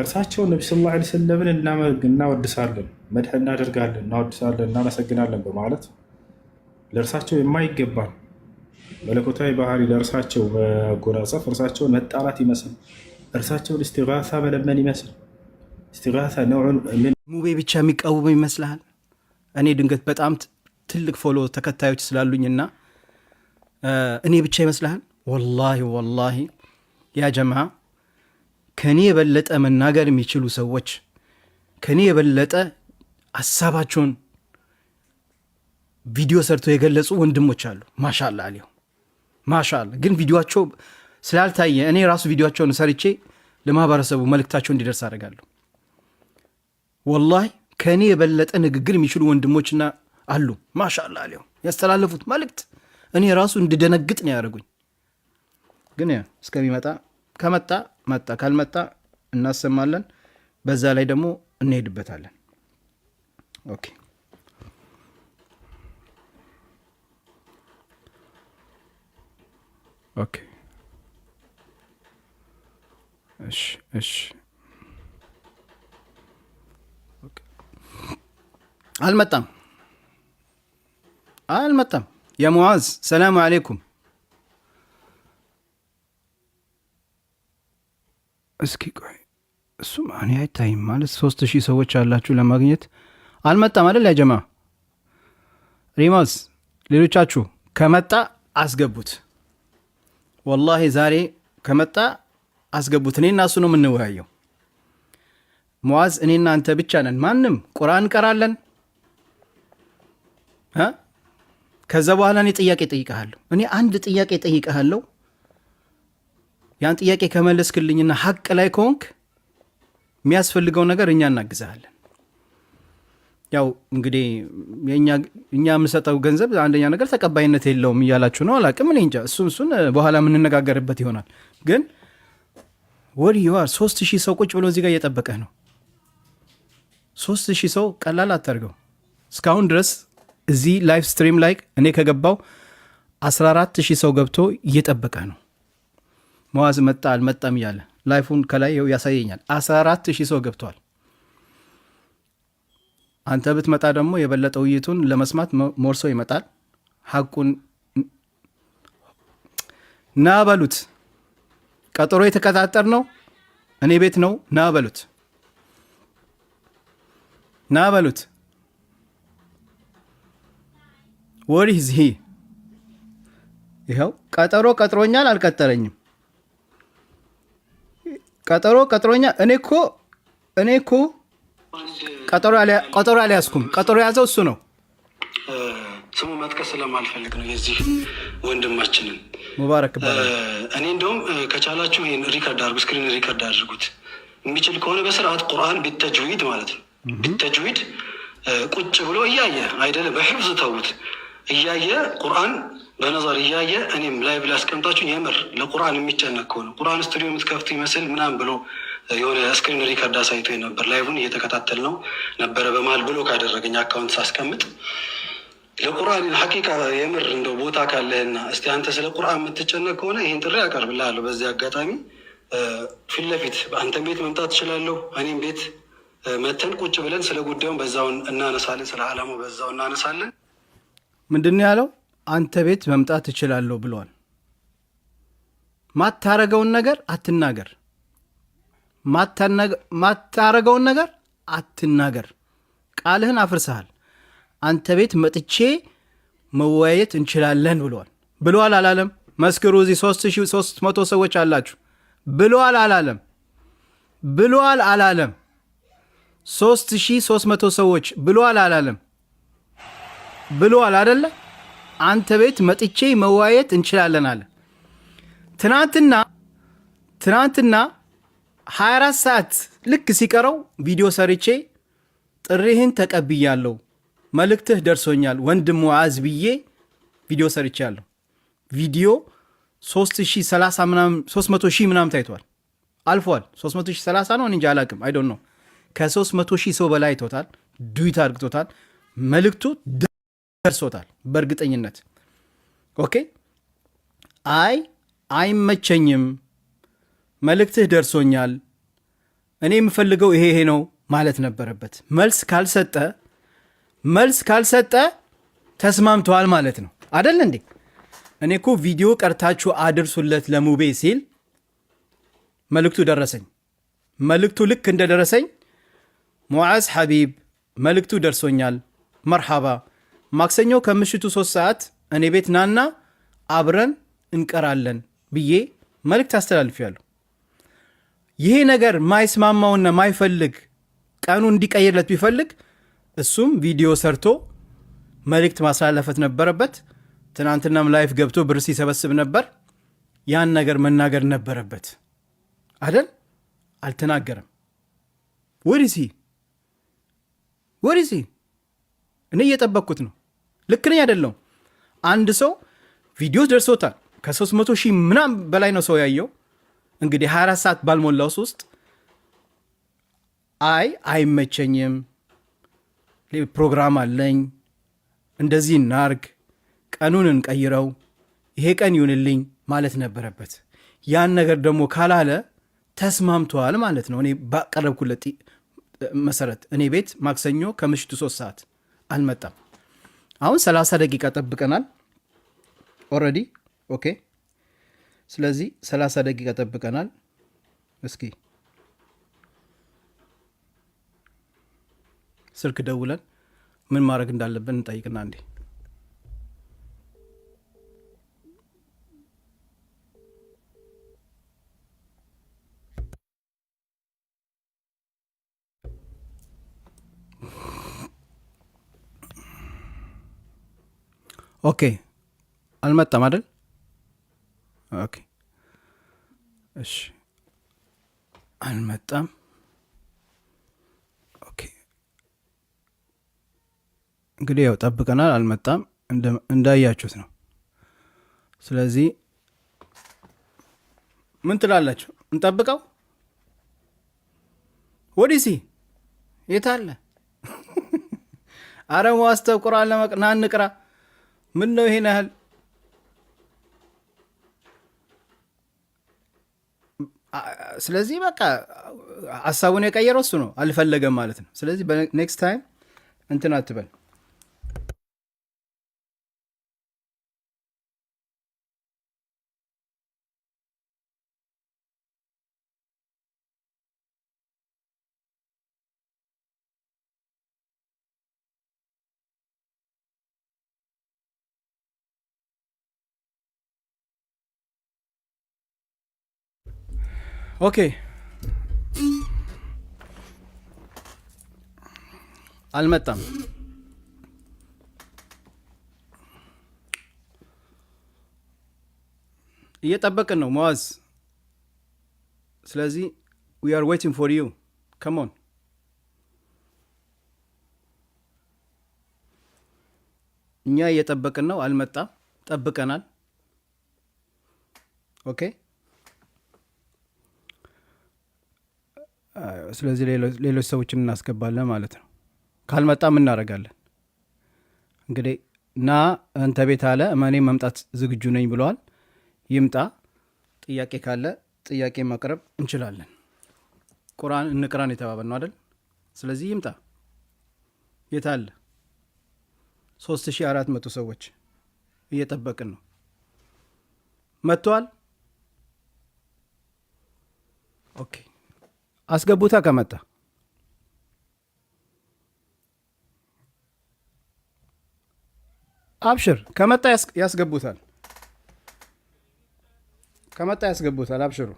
እርሳቸው ነቢ ስለ ላ ስለምን እናወድሳለን፣ መድህ እናደርጋለን፣ እናወድሳለን፣ እናመሰግናለን በማለት ለእርሳቸው የማይገባን መለኮታዊ ባህሪ ለእርሳቸው መጎናጸፍ እርሳቸውን መጣላት ይመስል እርሳቸውን እስቲጋሳ መለመን ይመስል እስቲጋሳ ነውዑን ሙቤ ብቻ የሚቃወሙ ይመስልሃል? እኔ ድንገት በጣም ትልቅ ፎሎ ተከታዮች ስላሉኝና እኔ ብቻ ይመስልሃል? ወላሂ ወላሂ ያ ጀማዓ ከኔ የበለጠ መናገር የሚችሉ ሰዎች ከኔ የበለጠ ሀሳባቸውን ቪዲዮ ሰርተው የገለጹ ወንድሞች አሉ። ማሻላ ሊሆ ማሻላ ግን ቪዲዮቸው ስላልታየ እኔ ራሱ ቪዲዮቸውን ሰርቼ ለማህበረሰቡ መልእክታቸው እንዲደርስ አደርጋለሁ። ወላሂ ከእኔ የበለጠ ንግግር የሚችሉ ወንድሞችና አሉ። ማሻላ ሊሆ ያስተላለፉት መልእክት እኔ ራሱ እንድደነግጥ ነው ያደረጉኝ። ግን እስከሚመጣ ከመጣ መጣ ካልመጣ እናሰማለን። በዛ ላይ ደግሞ እንሄድበታለን። ኦኬ ኦኬ እሺ እሺ አልመጣም አልመጣም። የሙዓዝ ሰላሙ አሌይኩም እስኪ ቆይ እሱም እኔ አይታይም ማለት ሶስት ሺህ ሰዎች ያላችሁ ለማግኘት አልመጣም አለ ያጀማ ሪማስ፣ ሌሎቻችሁ ከመጣ አስገቡት። ወላሂ ዛሬ ከመጣ አስገቡት። እኔ እሱ ነው የምንወያየው። ሙዓዝ፣ እኔና አንተ ብቻ ነን። ማንም ቁርአን እንቀራለን። ከዛ በኋላ እኔ ጥያቄ ጠይቀሃለሁ። እኔ አንድ ጥያቄ ጠይቀሃለሁ ያን ጥያቄ ከመለስክልኝና ሀቅ ላይ ከሆንክ የሚያስፈልገው ነገር እኛ እናግዛለን። ያው እንግዲህ እኛ የምንሰጠው ገንዘብ አንደኛ ነገር ተቀባይነት የለውም እያላችሁ ነው። አላቅም እኔ እንጃ። እሱን እሱን በኋላ የምንነጋገርበት ይሆናል። ግን ወዲ ዩር ሶስት ሺህ ሰው ቁጭ ብሎ እዚህ ጋር እየጠበቀህ ነው። ሶስት ሺህ ሰው ቀላል አታርገው። እስካሁን ድረስ እዚህ ላይፍ ስትሪም ላይ እኔ ከገባው 14 ሰው ገብቶ እየጠበቀህ ነው። መዋዝ መጣ አልመጣም እያለ ላይፉን ከላይ ው ያሳየኛል። 14 ሺህ ሰው ገብቷል። አንተ ብትመጣ ደግሞ የበለጠ ውይይቱን ለመስማት ሞር ሰው ይመጣል። ሀቁን ና በሉት። ቀጠሮ የተቀጣጠር ነው እኔ ቤት ነው። ና በሉት፣ ና በሉት። ዚህ ይኸው ቀጠሮ ቀጥሮኛል፣ አልቀጠረኝም ቀጠሮ ቀጠሮኛ እኔ እኮ እኔ እኮ ቀጠሮ አልያዝኩም። ቀጠሮ የያዘው እሱ ነው። ስሙ መጥቀስ ስለማልፈልግ ነው የዚህ ወንድማችንን ሙባረክ ይባላል። እኔ እንደውም ከቻላችሁ ይህን ሪከርድ አድርጉ፣ ስክሪን ሪከርድ አድርጉት። የሚችል ከሆነ በስርዓት ቁርአን ቢተጅዊድ ማለት ነው ቢተጅዊድ ቁጭ ብሎ እያየ አይደለም በሕፍዝ ተውት፣ እያየ ቁርአን በነዛር እያየ እኔም ላይ ብላ አስቀምጣችሁ የምር ለቁርአን የሚጨነቅ ከሆነ ቁርአን ስቱዲዮ የምትከፍቱ ይመስል ምናምን ብሎ የሆነ ስክሪን ሪከርድ አሳይቶ ነበር። ላይቡን እየተከታተል ነው ነበረ። በመሀል ብሎ ካደረገኝ አካውንት ሳስቀምጥ ለቁርአን ሀቂቃ የምር እንደው ቦታ ካለህና እስቲ አንተ ስለ ቁርአን የምትጨነቅ ከሆነ ይህን ጥሪ አቀርብልሃለሁ። በዚህ አጋጣሚ ፊት ለፊት አንተን ቤት መምጣት ትችላለሁ። እኔም ቤት መተን ቁጭ ብለን ስለ ጉዳዩን በዛውን እናነሳለን። ስለ አላማው በዛው እናነሳለን። ምንድን ነው ያለው? አንተ ቤት መምጣት እችላለሁ ብሏል። ማታረገውን ነገር አትናገር፣ ማታረገውን ነገር አትናገር፣ ቃልህን አፍርሰሃል። አንተ ቤት መጥቼ መወያየት እንችላለን ብሏል። ብሏል አላለም? መስክሩ። እዚህ ሦስት ሺህ መቶ ሰዎች አላችሁ። ብሏል አላለም? ብሏል አላለም? ሦስት ሺህ ሦስት መቶ ሰዎች ብሏል አላለም? ብሏል አደለም? አንተ ቤት መጥቼ መዋየት እንችላለን አለ። ትናንትና ትናንትና 24 ሰዓት ልክ ሲቀረው ቪዲዮ ሰርቼ ጥሪህን ተቀብያለሁ፣ መልእክትህ ደርሶኛል ወንድም ዋዝ ብዬ ቪዲዮ ሰርቻለሁ። ቪዲዮ 300 ሺህ ምናምን ታይቷል፣ አልፏል። 330 ነው እንጂ አላቅም፣ አይዶን ነው ከ300 ሺህ ሰው በላይ አይቶታል፣ ዱዊት አድርግቶታል መልእክቱ ደርሶታል በእርግጠኝነት ኦኬ አይ አይመቸኝም መልእክትህ ደርሶኛል እኔ የምፈልገው ይሄ ይሄ ነው ማለት ነበረበት መልስ ካልሰጠ መልስ ካልሰጠ ተስማምተዋል ማለት ነው አደል እንዴ እኔ እኮ ቪዲዮ ቀርታችሁ አድርሱለት ለሙቤ ሲል መልእክቱ ደረሰኝ መልእክቱ ልክ እንደደረሰኝ ሙዓዝ ሐቢብ መልእክቱ ደርሶኛል መርሃባ ማክሰኞ ከምሽቱ ሶስት ሰዓት እኔ ቤት ናና አብረን እንቀራለን ብዬ መልእክት ያሉ ይሄ ነገር ማይስማማውና ማይፈልግ ቀኑ እንዲቀይርለት ቢፈልግ እሱም ቪዲዮ ሰርቶ መልእክት ማስተላለፈት ነበረበት። ትናንትናም ላይፍ ገብቶ ብር ሲሰበስብ ነበር። ያን ነገር መናገር ነበረበት አደል? አልተናገረም። ወዲሲ ወዲሲ እኔ እየጠበቅኩት ነው። ልክ ነኝ አይደለሁም? አንድ ሰው ቪዲዮ ደርሶታል ከ300 ሺህ ምናም በላይ ነው ሰው ያየው። እንግዲህ 24 ሰዓት ባልሞላው ውስጥ አይ አይመቸኝም፣ ፕሮግራም አለኝ፣ እንደዚህ እናርግ፣ ቀኑን እንቀይረው፣ ይሄ ቀን ይሁንልኝ ማለት ነበረበት። ያን ነገር ደግሞ ካላለ ተስማምተዋል ማለት ነው። እኔ ባቀረብኩለት መሰረት እኔ ቤት ማክሰኞ ከምሽቱ ሶስት ሰዓት አልመጣም። አሁን ሰላሳ ደቂቃ ጠብቀናል ኦረዲ ኦኬ ስለዚህ ሰላሳ ደቂቃ ጠብቀናል። እስኪ ስልክ ደውለን ምን ማድረግ እንዳለብን እንጠይቅና እንዴ ኦኬ አልመጣም አይደል? ኦኬ እሺ፣ አልመጣም። እንግዲህ ያው ጠብቀናል፣ አልመጣም። እንዳያችሁት ነው። ስለዚህ ምን ትላላችሁ? እንጠብቀው? ወዲሲ የት አለ? አረ ዋስተው ለመቅ ናንቅራ ምን ነው ይሄን ያህል ስለዚህ በቃ ሀሳቡን የቀየረው እሱ ነው፣ አልፈለገም ማለት ነው። ስለዚህ በኔክስት ታይም እንትን አትበል። ኦኬ አልመጣም። እየጠበቅን ነው መዋዝ። ስለዚህ ዊ አር ዌይቲንግ ፎር ዩ ከሞን እኛ እየጠበቅን ነው። አልመጣም። ጠብቀናል። ኦኬ ስለዚህ ሌሎች ሰዎችን እናስገባለን ማለት ነው። ካልመጣም እናደርጋለን እንግዲህ እና እንተ ቤት አለ እመኔ መምጣት ዝግጁ ነኝ ብለዋል። ይምጣ። ጥያቄ ካለ ጥያቄ ማቅረብ እንችላለን። ቁርአን እንቅራን የተባበል ነው አደል ስለዚህ ይምጣ። የታለ ሶስት ሺ አራት መቶ ሰዎች እየጠበቅን ነው። መጥተዋል። ኦኬ አስገቡታ ከመጣ አብሽር ከመጣ ያስገቡታል። ከመጣ ያስገቡታል። አብሽሩ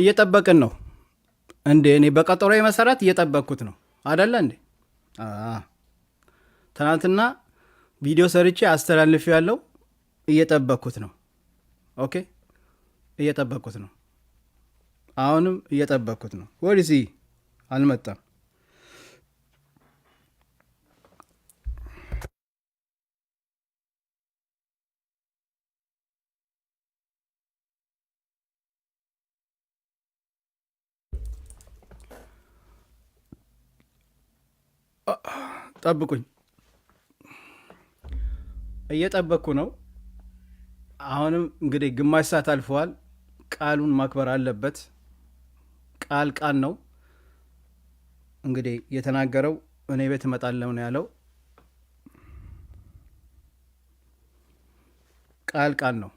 እየጠበቅን ነው እንዴ? እኔ በቀጠሮ መሰረት እየጠበቅኩት ነው አደለ እንዴ? ትናንትና ቪዲዮ ሰርቼ አስተላልፍ ያለው እየጠበቅኩት ነው። ኦኬ እየጠበቅኩት ነው። አሁንም እየጠበቅኩት ነው። ወዲህ አልመጣም። ጠብቁኝ፣ እየጠበቅኩ ነው። አሁንም እንግዲህ ግማሽ ሰዓት አልፈዋል። ቃሉን ማክበር አለበት። ቃል ቃል ነው። እንግዲህ የተናገረው እኔ ቤት እመጣለሁ ነው ያለው። ቃል ቃል ነው።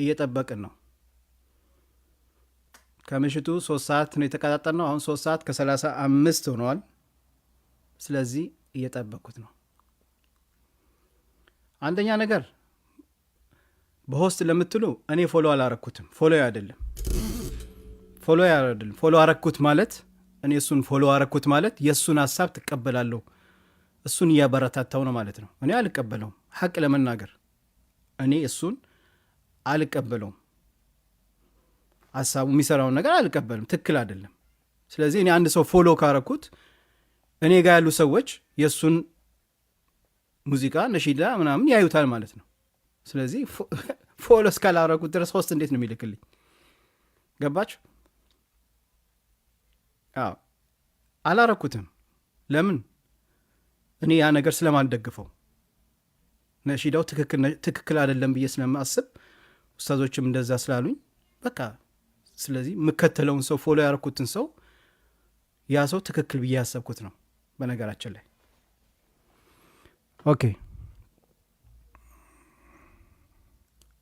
እየጠበቅን ነው። ከምሽቱ ሶስት ሰዓት ነው የተቀጣጠን ነው። አሁን ሶስት ሰዓት ከሰላሳ አምስት ሆነዋል። ስለዚህ እየጠበኩት ነው። አንደኛ ነገር በሆስት ለምትሉ እኔ ፎሎ አላረኩትም። ፎሎ አይደለም ፎሎ አይደለም። ፎሎ አረኩት ማለት እኔ እሱን ፎሎ አረኩት ማለት የእሱን ሀሳብ ትቀበላለሁ። እሱን እያበረታታው ነው ማለት ነው። እኔ አልቀበለውም። ሀቅ ለመናገር እኔ እሱን አልቀበለውም። ሀሳቡ የሚሰራውን ነገር አልቀበልም። ትክክል አይደለም። ስለዚህ እኔ አንድ ሰው ፎሎ ካረኩት እኔ ጋር ያሉ ሰዎች የእሱን ሙዚቃ ነሺዳ ምናምን ያዩታል ማለት ነው። ስለዚህ ፎሎ እስካላረኩት ድረስ ሆስት እንዴት ነው የሚልክልኝ? ገባች አዎ አላረኩትም። ለምን? እኔ ያ ነገር ስለማልደግፈው ነሺዳው ትክክል አይደለም ብዬ ስለማስብ ኡስታዞችም እንደዛ ስላሉኝ በቃ ስለዚህ የምከተለውን ሰው ፎሎ ያረኩትን ሰው ያ ሰው ትክክል ብዬ ያሰብኩት ነው በነገራችን ላይ ኦኬ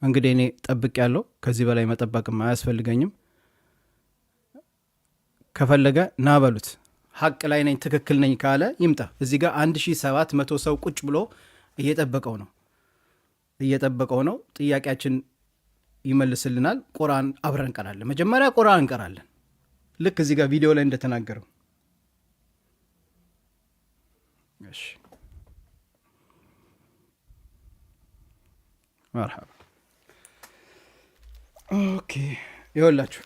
እንግዲህ እኔ ጠብቅ ያለው ከዚህ በላይ መጠበቅም አያስፈልገኝም። ከፈለገ ና በሉት። ሀቅ ላይ ነኝ፣ ትክክል ነኝ ካለ ይምጣ። እዚህ ጋር አንድ ሺህ ሰባት መቶ ሰው ቁጭ ብሎ እየጠበቀው ነው እየጠበቀው ነው። ጥያቄያችን ይመልስልናል። ቁርአን አብረን እንቀራለን። መጀመሪያ ቁርአን እንቀራለን። ልክ እዚህ ጋር ቪዲዮ ላይ እንደተናገረው ماشي مرحبا اوكي يلا يقولاتشو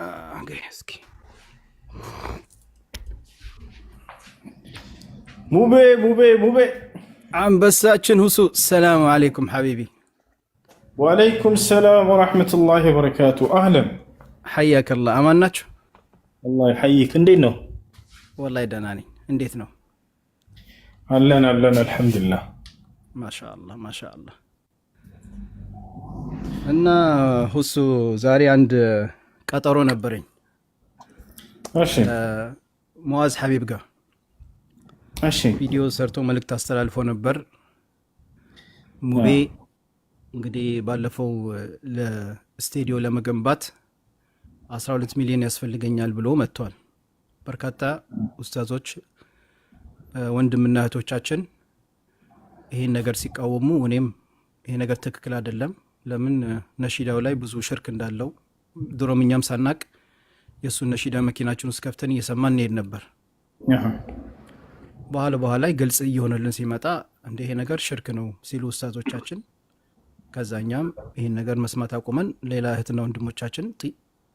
آه جهزكي مو بي مو بي مو بي عم بس اتشن هسو السلام عليكم حبيبي وعليكم السلام ورحمة الله وبركاته أهلا حياك الله أمان الله يحييك اندينو والله يدناني እንዴት ነው? አለን አለን፣ አልሐምዱሊላህ። ማሻአላ ማሻአላ። እና ሁሱ ዛሬ አንድ ቀጠሮ ነበረኝ ሙአዝ ሀቢብ ጋር ቪዲዮ ሰርቶ መልእክት አስተላልፎ ነበር። ሙቤ እንግዲህ ባለፈው ለስቴዲዮ ለመገንባት 12 ሚሊዮን ያስፈልገኛል ብሎ መጥቷል። በርካታ ኡስታዞች ወንድምና እህቶቻችን ይህን ነገር ሲቃወሙ እኔም ይሄ ነገር ትክክል አይደለም፣ ለምን ነሺዳው ላይ ብዙ ሽርክ እንዳለው ድሮም እኛም ሳናቅ የእሱን ነሺዳ መኪናችን ውስጥ ከፍተን እየሰማን እንሄድ ነበር። በኋላ በኋላ ላይ ግልጽ እየሆነልን ሲመጣ እንደ ይሄ ነገር ሽርክ ነው ሲሉ ውሳቶቻችን፣ ከዛ እኛም ይህን ነገር መስማት አቁመን ሌላ እህትና ወንድሞቻችን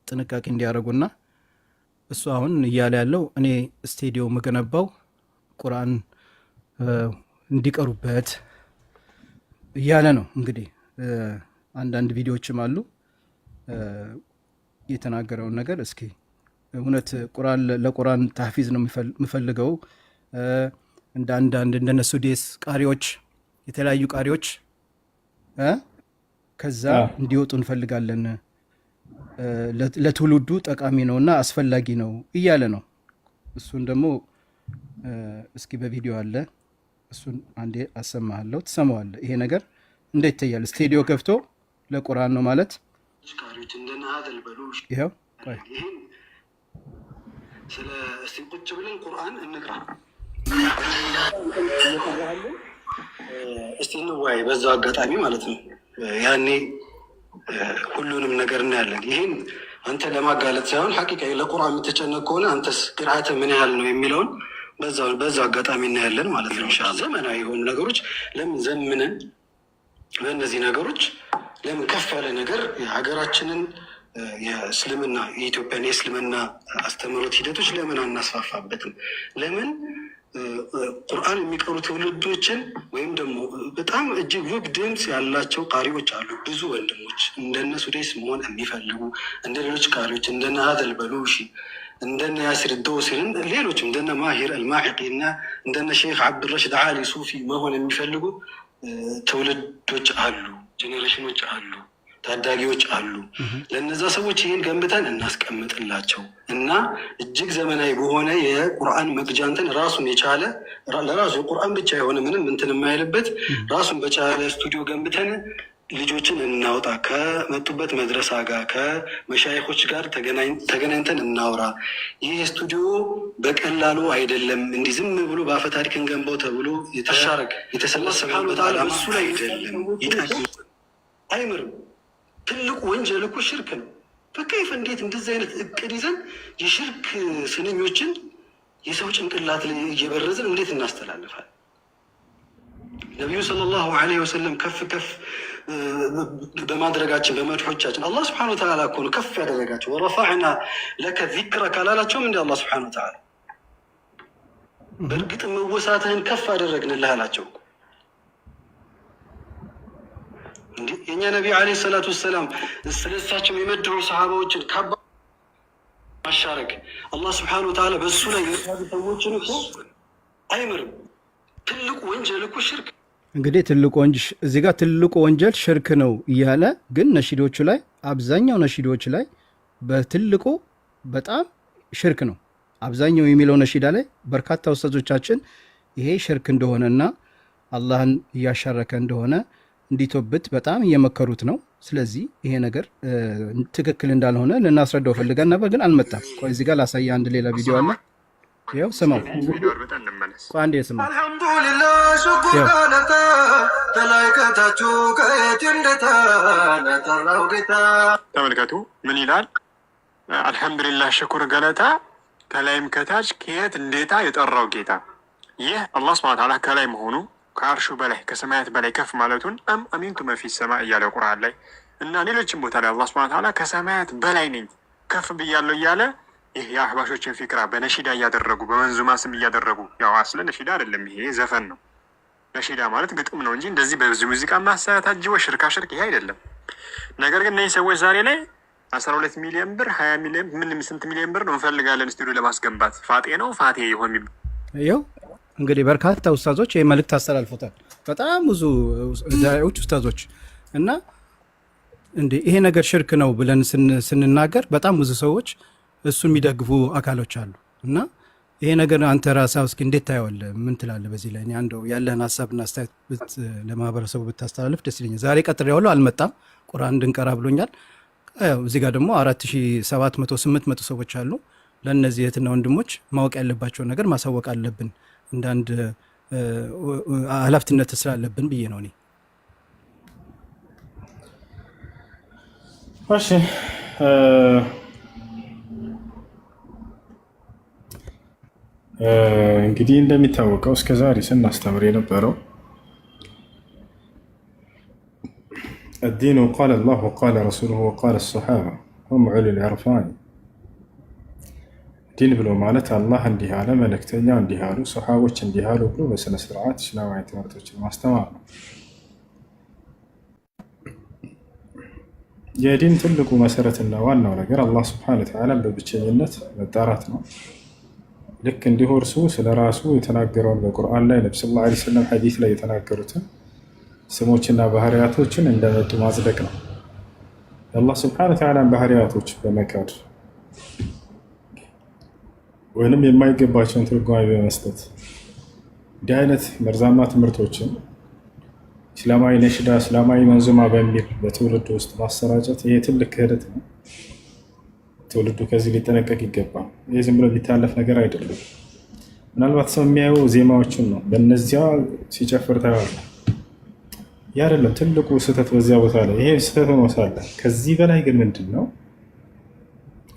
ጥንቃቄ እንዲያደርጉና እሱ አሁን እያለ ያለው እኔ ስቴዲዮም የምገነባው ቁርአን እንዲቀሩበት እያለ ነው። እንግዲህ አንዳንድ ቪዲዮዎችም አሉ የተናገረውን ነገር እስኪ እውነት ቁርአን ለቁርአን ታፊዝ ነው የምፈልገው እንደ አንዳንድ እንደነሱ ዴስ ቃሪዎች፣ የተለያዩ ቃሪዎች ከዛ እንዲወጡ እንፈልጋለን ለትውልዱ ጠቃሚ ነው እና አስፈላጊ ነው እያለ ነው። እሱን ደግሞ እስኪ በቪዲዮ አለ፣ እሱን አንዴ አሰማሃለሁ፣ ትሰማዋለህ። ይሄ ነገር እንዴት ይታያል? ስቴዲዮ ከፍቶ ለቁርአን ነው ማለት ይኸው። ቆይ ስለ እስቲ ቁጭ ብለን ቁርአን እንቅራ እስቲ እንዋይ፣ በዛው አጋጣሚ ማለት ነው። ያኔ ሁሉንም ነገር እናያለን። ይህን አንተ ለማጋለጥ ሳይሆን ሐቂቃ ለቁርአን የምትጨነቅ ከሆነ አንተስ ቅርአተ ምን ያህል ነው የሚለውን በዛው አጋጣሚ እናያለን ማለት ነው። ኢንሻ ዘመናዊ የሆኑ ነገሮች ለምን ዘምነን በእነዚህ ነገሮች ለምን ከፍ ያለ ነገር የሀገራችንን የእስልምና የኢትዮጵያን የእስልምና አስተምህሮት ሂደቶች ለምን አናስፋፋበትም? ለምን ቁርአን የሚቀሩ ትውልዶችን ወይም ደግሞ በጣም እጅግ ውብ ድምፅ ያላቸው ቃሪዎች አሉ። ብዙ ወንድሞች እንደነ ሱዴስ መሆን የሚፈልጉ እንደ ሌሎች ቃሪዎች እንደነ በሉ በሎሺ እንደነ ያሲር ደውሲልን ሌሎችም እንደነ ማሂር አልማሂቂ እና እንደነ ሼክ አብዱረሽድ ዓሊ ሱፊ መሆን የሚፈልጉ ትውልዶች አሉ፣ ጄኔሬሽኖች አሉ፣ ታዳጊዎች አሉ። ለነዛ ሰዎች ይህን ገንብተን እናስቀምጥላቸው እና እጅግ ዘመናዊ በሆነ የቁርአን መቅጃ እንትን ራሱን የቻለ ለራሱ የቁርአን ብቻ የሆነ ምንም እንትን የማይልበት ራሱን በቻለ ስቱዲዮ ገንብተን ልጆችን እናውጣ፣ ከመጡበት መድረሳ ጋር ከመሻይኮች ጋር ተገናኝተን እናውራ። ይህ ስቱዲዮ በቀላሉ አይደለም፣ እንዲህ ዝም ብሎ በአፈ ታሪክ እንገንባው ተብሎ የተሻረግ የተሰለሰበበት እሱ ላይ አይደለም። አይምርም። ትልቁ ወንጀል እኮ ሽርክ ነው። በከይፍ እንዴት እንደዚህ አይነት እቅድ ይዘን የሽርክ ስንኞችን የሰው ጭንቅላት እየበረዝን እንዴት እናስተላልፋል? ነቢዩ ሰለላሁ ዐለይሂ ወሰለም ከፍ ከፍ በማድረጋችን በመድሖቻችን አላህ ስብሐነ ወተዓላ እኮ ነው ከፍ ያደረጋቸው። ወረፋዕና ለከ ዚክረ ካላላቸውም እንዲ አላህ ስብሐነ ወተዓላ በእርግጥ መወሳትህን ከፍ አደረግንልህ አላቸው። የእኛ ነቢ ዓለይሂ ሰላቱ ወሰላም ስለሳቸው የመድሑ ሰሃባዎችን ካባ ማሻረግ አላህ ስብሐነ ወተዓላ በእሱ ላይ የሳቢ ሰዎችን እኮ አይምርም። ትልቁ ወንጀል እኮ ሽርክ እንግዲህ ትልቁ እዚህ ጋር ትልቁ ወንጀል ሽርክ ነው እያለ ግን ነሺዶቹ ላይ አብዛኛው ነሺዶች ላይ በትልቁ በጣም ሽርክ ነው አብዛኛው የሚለው ነሺዳ ላይ በርካታ ውስታዞቻችን ይሄ ሽርክ እንደሆነና አላህን እያሻረከ እንደሆነ እንዲቶብት በጣም እየመከሩት ነው። ስለዚህ ይሄ ነገር ትክክል እንዳልሆነ ልናስረዳው ፈልገን ነበር፣ ግን አልመጣም። እዚህ ጋር ላሳየ አንድ ሌላ ቪዲዮ አለ። ይኸው ስማው አንዴ ስማው። አልሐምዱሊላህ ሽኩር ከየት እንደታ ለጠራው ጌታ። ተመልከቱ ምን ይላል? አልሐምዱሊላህ ሽኩር ገለታ ከላይም ከታች ከየት እንዴታ የጠራው ጌታ። ይህ አላህ ስብሐነ ተዓላ ከላይ መሆኑ ከአርሹ በላይ ከሰማያት በላይ ከፍ ማለቱን አም አሚንቱ መፊት ሰማ እያለ ቁርአን ላይ እና ሌሎችም ቦታ ላይ አላህ ስብሐነ ተዓላ ከሰማያት በላይ ነኝ ከፍ ብያለሁ እያለ ይህ የአህባሾችን ፊክራ በነሺዳ እያደረጉ በመንዙማ ስም እያደረጉ ያው አስለ ነሺዳ አይደለም፣ ይሄ ዘፈን ነው። ነሺዳ ማለት ግጥም ነው እንጂ እንደዚህ በብዙ ሙዚቃ ማሰራ ታጅቦ ሽርካ ሽርቅ ይሄ አይደለም። ነገር ግን እነዚህ ሰዎች ዛሬ ላይ አስራ ሁለት ሚሊዮን ብር ሀያ ሚሊዮን ምን ስንት ሚሊዮን ብር ነው እንፈልጋለን ስቱዲዮ ለማስገንባት ፋጤ ነው ፋቴ ይሆን ይኸው እንግዲህ በርካታ ውስታዞች ይህ መልእክት አስተላልፎታል። በጣም ብዙ ዳዎች ውስታዞች እና እንዲህ ይሄ ነገር ሽርክ ነው ብለን ስንናገር በጣም ብዙ ሰዎች እሱን የሚደግፉ አካሎች አሉ እና ይሄ ነገር አንተ ራሳ እስኪ እንዴት ታየዋለህ? ምን ትላለ? በዚህ ላይ አንደው ያለህን ሀሳብና አስተያየት ለማህበረሰቡ ብታስተላልፍ ደስ ይለኛል። ዛሬ ቀጥሬ ያውለው አልመጣም። ቁርአን እንድንቀራ ብሎኛል። እዚህ ጋር ደግሞ አራት ሺህ ሰባት መቶ ስምንት መቶ ሰዎች አሉ። ለእነዚህ እህትና ወንድሞች ማወቅ ያለባቸውን ነገር ማሳወቅ አለብን፣ እንዳንድ ኃላፊነት ስላለብን ብዬ ነው እኔ። እሺ እንግዲህ እንደሚታወቀው እስከ ዛሬ ስናስተምር የነበረው الدين قال الله وقال رسوله وقال الصحابة هم علو العرفان ዲን ብሎ ማለት አላህ እንዲህ አለ፣ መልእክተኛ እንዲህ አሉ፣ ሰሓቦች እንዲህ አሉ ብሎ በስነ ስርዓት እስላማዊ ትምህርቶችን ማስተማር ነው። የዲን ትልቁ መሰረትና ዋናው ነገር አላህ ስብሐነ ወተዓላ በብቸኝነት መጣራት ነው። ልክ እንዲሁ እርሱ ስለ ራሱ የተናገረውን በቁርአን ላይ ነቢ ስለ ላ ስለም ሐዲስ ላይ የተናገሩትን ስሞችና ባህርያቶችን እንደመጡ ማጽደቅ ነው። የአላህ ስብሐነ ወተዓላን ባህርያቶች በመካድ ወይንም የማይገባቸውን ትርጓሜ በመስጠት እንዲህ አይነት መርዛማ ትምህርቶችን እስላማዊ ነሽዳ፣ እስላማዊ መንዙማ በሚል በትውልድ ውስጥ ማሰራጨት ይሄ ትልቅ ክህደት ነው። ትውልዱ ከዚህ ሊጠነቀቅ ይገባል። ይህ ዝም ብሎ ሊታለፍ ነገር አይደለም። ምናልባት ሰው የሚያየው ዜማዎችን ነው፣ በነዚያ ሲጨፍር ታየዋለህ። ያ አይደለም ትልቁ ስህተት በዚያ ቦታ ላይ ይሄ ስህተት ሆኖ ሳለ ከዚህ በላይ ግን ምንድን ነው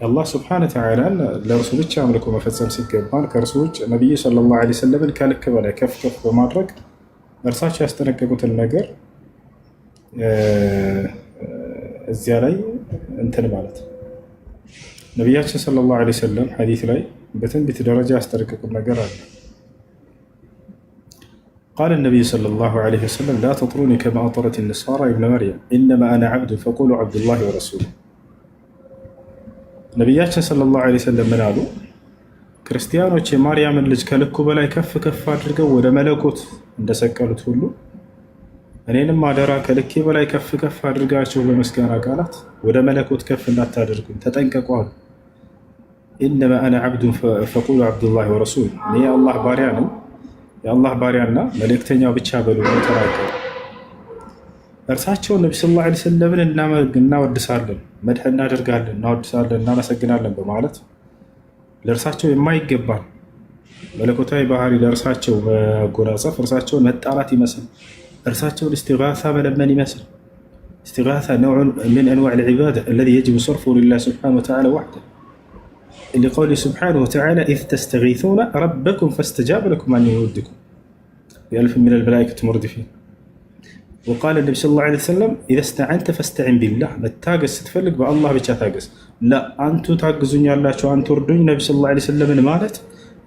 አላህ ስብሐነ ወተዓላን ለእርሱ ብቻ አምልኮ መፈጸም ሲገባን ከእርሱ ውጭ ነቢዩ ሰለላሁ ዐለይሂ ወሰለምን ከልክ በላይ ከፍ ከፍ በማድረግ እርሳቸው ያስጠነቀቁትን ነገር እዚያ ላይ እንትን ማለት ነው። ነቢያችን ሰለላሁ ዓለይሂ ወሰለም ሐዲት ላይ በትንቢት ደረጃ ያስጠነቀቁን ነገር አለ። ቃለ ነቢዩ ሰለላሁ ዓለይሂ ወሰለም ላ ተጥሩኒ ከማ አጠረት ነሳራ ኢብነ መርየም ኢነማ አነ ዓብድ ፈቁሉ ዓብዱላሂ ወረሱሉ። ነቢያችን ሰለላሁ ዓለይሂ ወሰለም ምን አሉ? ክርስቲያኖች የማርያምን ልጅ ከልኩ በላይ ከፍ ከፍ አድርገው ወደ መለኮት እንደሰቀሉት ሁሉ እኔንም አደራ ከልኬ በላይ ከፍ ከፍ አድርጋቸው በምስጋና ቃላት ወደ መለኮት ከፍ እንዳታደርጉኝ ተጠንቀቁ አሉ። ኢነማ አነ ዓብዱን ፈቁሉ ዓብዱላህ ወረሱል እኔ የአላህ ባሪያ ነው የአላህ ባሪያና መልእክተኛው ብቻ በሉ ተራቀ እርሳቸውን ነቢ ስለ ላ ስለምን እናወድሳለን፣ መድህ እናደርጋለን፣ እናወድሳለን፣ እናመሰግናለን በማለት ለእርሳቸው የማይገባን መለኮታዊ ባህሪ ለእርሳቸው መጎናጸፍ እርሳቸውን መጣላት ይመስል እርሳቸውን እስቲጋሳ መለመን ይመስል እስቲጋሳ ነውዕ ምን አንዋዕ ልዕባዳ አለዚ የጅቡ ሰርፉ ልላ ስብሓን ወተዓላ ዋሕደ ሊቀውሊ ስብሓን ወተዓላ ኢዝ ተስተጊሱነ ረበኩም ፈስተጃበ ለኩም አን ይወድኩም ቢአልፍ ምን ልመላይከት ሙርድፊን وقال النبي صلى الله عليه وسلم إذا استعنت فاستعن بالله ما تاقس تفلق بالله بيتشا تاقس لا أنتو تاقزون يا الله شو أنتو ردون النبي صلى الله عليه وسلم مالت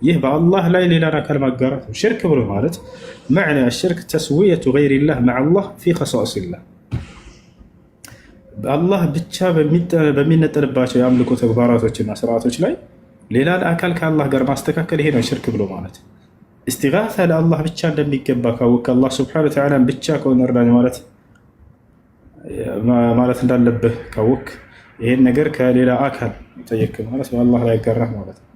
ይህ በአላህ ላይ ሌላን አካል ማጋራት ነው። ሽርክ ብሎ ማለት መዕና ሽርክ ተስውየቱ ገይሪላህ መዓ አላህ ፊ ከሳኢሲላህ አላህ ብቻ በሚነጠልባቸው የአምልኮ ተግባራቶችና ስርዓቶች ላይ ሌላን አካል ከአላህ ጋር ማስተካከል ይሄ ነው ሽርክ ብሎ ማለት። ኢስቲጋሳ ለአላህ ብቻ እንደሚገባ ካወቅ አላህ ስብሐነ ወተዓላ ብቻ ከሆነ እርዳኝ ማለት ማለት እንዳለብህ ካወቅ ይሄን ነገር ከሌላ አካል ይጠየቅ ማለት በአላህ ላይ ያጋራህ ማለት ነው።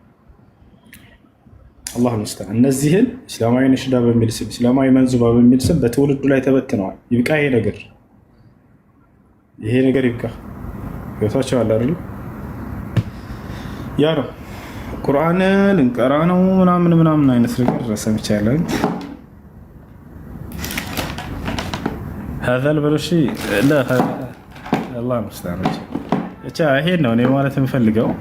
አላህ ይመስገን። እነዚህን እስላማዊ ነሽዳ በሚል ስም እስላማዊ መንዙባ በሚል ስም በትውልዱ ላይ ተበትነዋል። ይብቃ ይሄ ነገር ይሄ ነገር ይብቃ። ገብታቸው አለ አይደል? ያ ነው ቁርአን ልንቀራ ነው ምናምን ምናምን አይነት ነገር ሰምቻለሁ። ሀዛል በሎሺ ላ አላህ ይመስገን። ብቻ ይሄን ነው እኔ ማለት የምፈልገው።